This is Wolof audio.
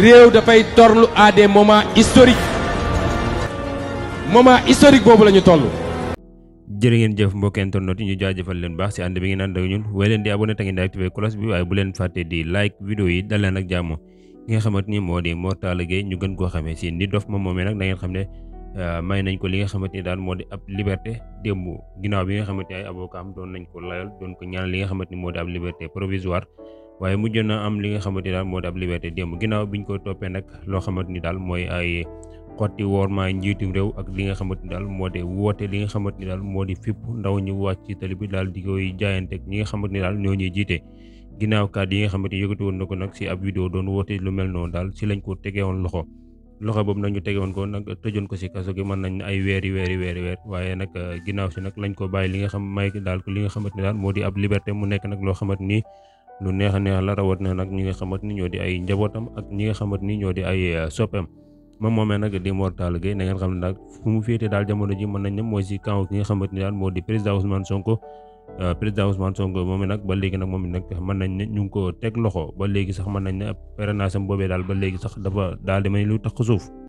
réew dafay torlu à des moments historiques moment historique boobu la ñu toll. jërë ngeen jëf mbokk internet yi ñu jaajëfal leen baax si ànd bi ngeen ànd ak ñun way leen di abonné waaye bu leen fàtte di like vidéo yi dal leen ak jàmm ki nga xamante ni moo di Mor Talla ñu gën koo xamee si Nit Doff moom moomee nag da ngeen xam ne euh, may nañ ko li nga xamante ni daal moo di ab liberté démb ginnaaw bi nga xamante ni ay avocat am doon nañ ko layal doon ko ñaan li nga xamante ni moo di ab liberté waaye mujj na am li nga xamante ni daal moo di ab liberté ginnaaw bi ñu ko toppee nag loo xamante ni daal mooy ay xotti wormaay njiitum réew ak li nga xamat ni daal moo de woote li nga xamante ni daal moo di fipp ndaw ñu wàcc ci tali daal di koy jaayante ak ñi nga xamante ni daal ñoo ñuy jiite. ginnaaw kàddu yi nga xamante ni yëkkati woon na ko nag si ab vidéo doon woote lu mel noonu daal si lañ ko tegeewoon loxo loxo boobu nag ñu tegeewoon ko nag joon ko si kaso gi mën nañ ay weeri weeri weeri weer waaye nag ginnaaw si nag lañ ko bàyyi li nga xam may daal li nga xamante ni daal moo di ab liberté mu nekk nag loo xamante ni lu neex a neex la rawat na nag ñu nga xamante ni ñoo di ay njabootam ak ñi nga xamante ni ñoo di ay euh, soppeem moom moomee nag di Mor Talla Gueye na ngeen xam ne nag fu mu féete daal jamono ji mën nañ ne mooy si camp ki nga xamante ni daal moo di président Ousmane Sonko euh, président Ousmane Sonko moom nag ba léegi nag moom nag mën nañ ne ñu ngi ko teg loxo ba léegi sax mën nañ ne parrainage am boobee daal ba léegi sax dafa daal di may lu tax suuf